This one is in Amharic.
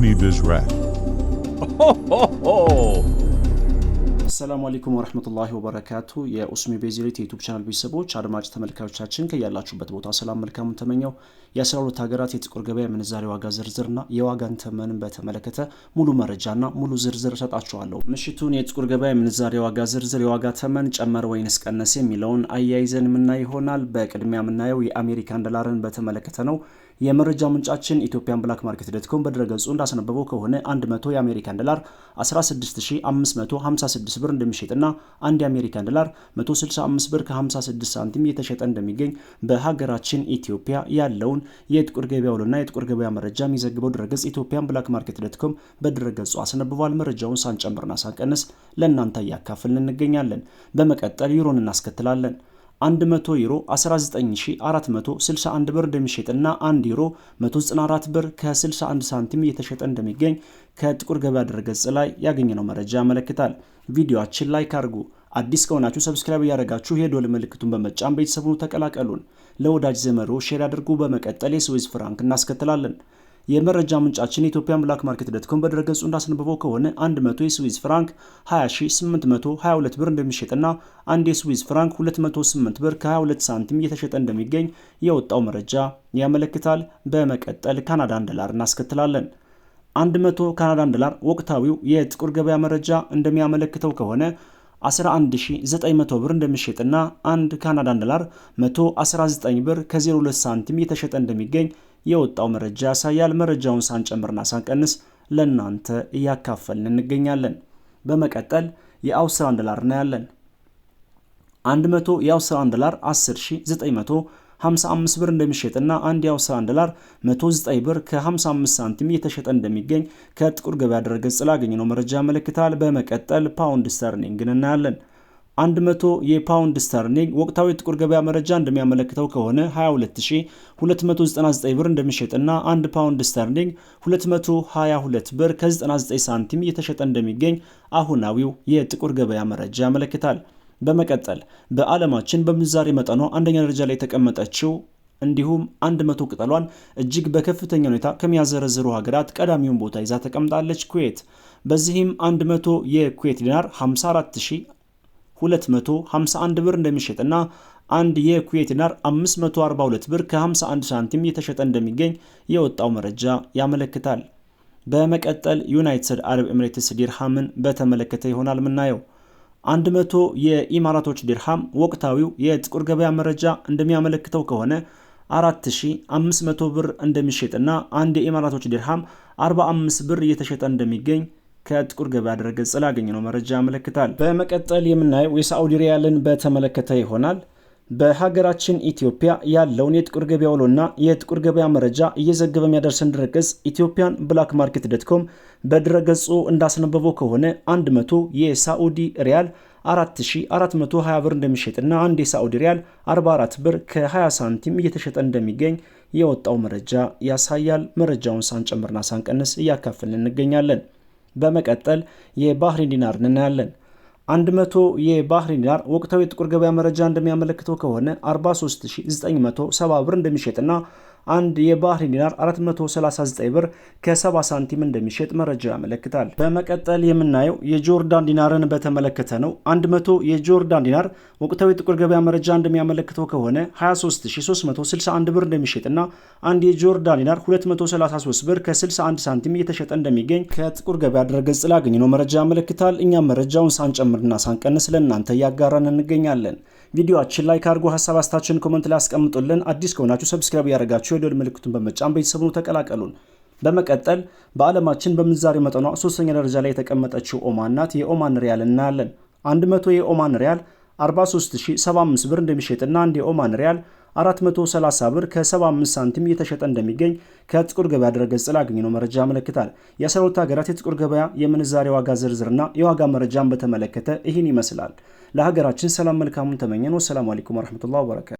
need this Vizrat. Oh, ho, ho. አሰላሙ አለይኩም ወረህመቱላሂ ወበረካቱ። የኡስሚ ቤዚሬት የዩቱብ ቻናል ቤተሰቦች አድማጭ ተመልካዮቻችን ከያላችሁበት ቦታ ሰላም መልካሙን ተመኘው። የአስራ ሁለት ሀገራት የጥቁር ገበያ ምንዛሬ ዋጋ ዝርዝርና የዋጋን ተመንን በተመለከተ ሙሉ መረጃና ሙሉ ዝርዝር እሰጣችኋለሁ። ምሽቱን የጥቁር ገበያ የምንዛሬ ዋጋ ዝርዝር፣ የዋጋ ተመን ጨመረ ወይንስ ቀነሰ የሚለውን አያይዘን የምናይ ይሆናል። በቅድሚያ የምናየው የአሜሪካን ዶላርን በተመለከተ ነው። የመረጃ ምንጫችን ኢትዮጵያን ብላክ ማርኬት ዶትኮም በድረገጹ እንዳስነበበው ከሆነ 100 የአሜሪካን ዶላር 16556 ብር ብር እንደሚሸጥና አንድ የአሜሪካን ዶላር 165 ብር ከ56 ሳንቲም የተሸጠ እንደሚገኝ በሀገራችን ኢትዮጵያ ያለውን የጥቁር ገበያ ውሎና የጥቁር ገበያ መረጃ የሚዘግበው ድረገጽ ኢትዮጵያን ብላክ ማርኬት ዶትኮም በድረገጹ አስነብቧል። መረጃውን ሳንጨምርና ሳንቀንስ ለእናንተ እያካፍልን እንገኛለን። በመቀጠል ዩሮን እናስከትላለን። 100 ዩሮ 19461 ብር እንደሚሸጥና 1 ዩሮ 194 ብር ከ61 ሳንቲም እየተሸጠ እንደሚገኝ ከጥቁር ገበያ ድረገጽ ላይ ያገኘነው መረጃ ያመለክታል። ቪዲዮችን ላይክ አድርጉ። አዲስ ከሆናችሁ ሰብስክራይብ እያደረጋችሁ የደወል ምልክቱን በመጫን ቤተሰቡን ተቀላቀሉን። ለወዳጅ ዘመዶ ሼር አድርጉ። በመቀጠል የስዊዝ ፍራንክ እናስከትላለን። የመረጃ ምንጫችን የኢትዮጵያን ብላክ ማርኬት ዶትኮም በድረገጹ እንዳስነበበው ከሆነ 100 የስዊዝ ፍራንክ 20822 ብር እንደሚሸጥና አንድ የስዊዝ ፍራንክ 208 ብር ከ22 ሳንቲም እየተሸጠ እንደሚገኝ የወጣው መረጃ ያመለክታል። በመቀጠል ካናዳን ዶላር እናስከትላለን። 100 ካናዳን ዶላር ወቅታዊው የጥቁር ገበያ መረጃ እንደሚያመለክተው ከሆነ 11900 ብር እንደሚሸጥና አንድ ካናዳን ዶላር 119 ብር ከ02 ሳንቲም እየተሸጠ እንደሚገኝ የወጣው መረጃ ያሳያል። መረጃውን ሳንጨምርና ሳንቀንስ ለእናንተ እያካፈልን እንገኛለን። በመቀጠል የአውስትራን ዶላር እናያለን። 100 የአውስትራን ዶላር 10900 55 ብር እንደሚሸጥና አንድ የአውስትራሊያን ዶላር 109 ብር ከ55 ሳንቲም እየተሸጠ እንደሚገኝ ከጥቁር ገበያ ድረገጽ ላገኘነው መረጃ ያመለክታል። በመቀጠል ፓውንድ ስተርሊንግን እናያለን። 100 የፓውንድ ስተርሊንግ ወቅታዊ ጥቁር ገበያ መረጃ እንደሚያመለክተው ከሆነ 22299 ብር እንደሚሸጥና 1 ፓውንድ ስተርሊንግ 222 ብር ከ99 ሳንቲም እየተሸጠ እንደሚገኝ አሁናዊው የጥቁር ገበያ መረጃ ያመለክታል። በመቀጠል በዓለማችን በምንዛሬ መጠኗ አንደኛ ደረጃ ላይ የተቀመጠችው እንዲሁም አንድ መቶ ቅጠሏን እጅግ በከፍተኛ ሁኔታ ከሚያዘረዝሩ ሀገራት ቀዳሚውን ቦታ ይዛ ተቀምጣለች ኩዌት። በዚህም 100 የኩዌት ዲናር 54251 ብር እንደሚሸጥና አንድ የኩዌት ዲናር 542 ብር ከ51 ሳንቲም የተሸጠ እንደሚገኝ የወጣው መረጃ ያመለክታል። በመቀጠል ዩናይትድ አረብ ኤምሬትስ ዲርሃምን በተመለከተ ይሆናል ምናየው። 100 የኢማራቶች ዲርሃም ወቅታዊው የጥቁር ገበያ መረጃ እንደሚያመለክተው ከሆነ 4500 ብር እንደሚሸጥና አንድ የኢማራቶች ዲርሃም 45 ብር እየተሸጠ እንደሚገኝ ከጥቁር ገበያ ድረገጽ ላገኘነው መረጃ ያመለክታል። በመቀጠል የምናየው የሳዑዲ ሪያልን በተመለከተ ይሆናል። በሀገራችን ኢትዮጵያ ያለውን የጥቁር ገበያ ውሎና የጥቁር ገበያ መረጃ እየዘገበ የሚያደርሰን ድረገጽ ኢትዮጵያን ብላክ ማርኬት ዶትኮም በድረገጹ እንዳስነበበው ከሆነ 100 የሳዑዲ ሪያል 4420 ብር እንደሚሸጥና አንድ የሳዑዲ ሪያል 44 ብር ከ20 ሳንቲም እየተሸጠ እንደሚገኝ የወጣው መረጃ ያሳያል። መረጃውን ሳንጨምርና ሳንቀንስ እያካፍልን እንገኛለን። በመቀጠል የባህሬን ዲናርን እናያለን። 100 የባህሪን ዲናር ወቅታዊ የጥቁር ገበያ መረጃ እንደሚያመለክተው ከሆነ 43970 ብር እንደሚሸጥና አንድ የባህሬን ዲናር 439 ብር ከ70 ሳንቲም እንደሚሸጥ መረጃ ያመለክታል። በመቀጠል የምናየው የጆርዳን ዲናርን በተመለከተ ነው። 100 የጆርዳን ዲናር ወቅታዊ ጥቁር ገበያ መረጃ እንደሚያመለክተው ከሆነ 23361 ብር እንደሚሸጥና አንድ የጆርዳን ዲናር 233 ብር ከ61 ሳንቲም እየተሸጠ እንደሚገኝ ከጥቁር ገበያ ድረገጽ ነው መረጃ ያመለክታል። እኛም መረጃውን ሳንጨምርና ሳንቀንስ ለእናንተ እያጋራን እንገኛለን። ቪዲዮችን ላይክ አድርጎ ሀሳብ አስታችን ኮመንት ላይ አስቀምጡልን። አዲስ ከሆናችሁ ሰብስክራይብ እያደረጋችሁ የደወል ምልክቱን በመጫን ቤተሰቡን ተቀላቀሉን። በመቀጠል በዓለማችን በምንዛሬ መጠኗ ሶስተኛ ደረጃ ላይ የተቀመጠችው ኦማን ናት። የኦማን ሪያል እናያለን። 100 የኦማን ሪያል 43075 ብር እንደሚሸጥና አንድ የኦማን ሪያል 430 ብር ከ75 ሳንቲም እየተሸጠ እንደሚገኝ ከጥቁር ገበያ ድረገጽ ላይ ያገኘነው መረጃ ያመለክታል። ሀገራት የጥቁር ገበያ የምንዛሬ ዋጋ ዝርዝርና የዋጋ መረጃን በተመለከተ ይህን ይመስላል። ለሀገራችን ሰላም መልካሙን ተመኘነው። ሰላም አለይኩም ወረሕመቱላሂ ወበረካቱ።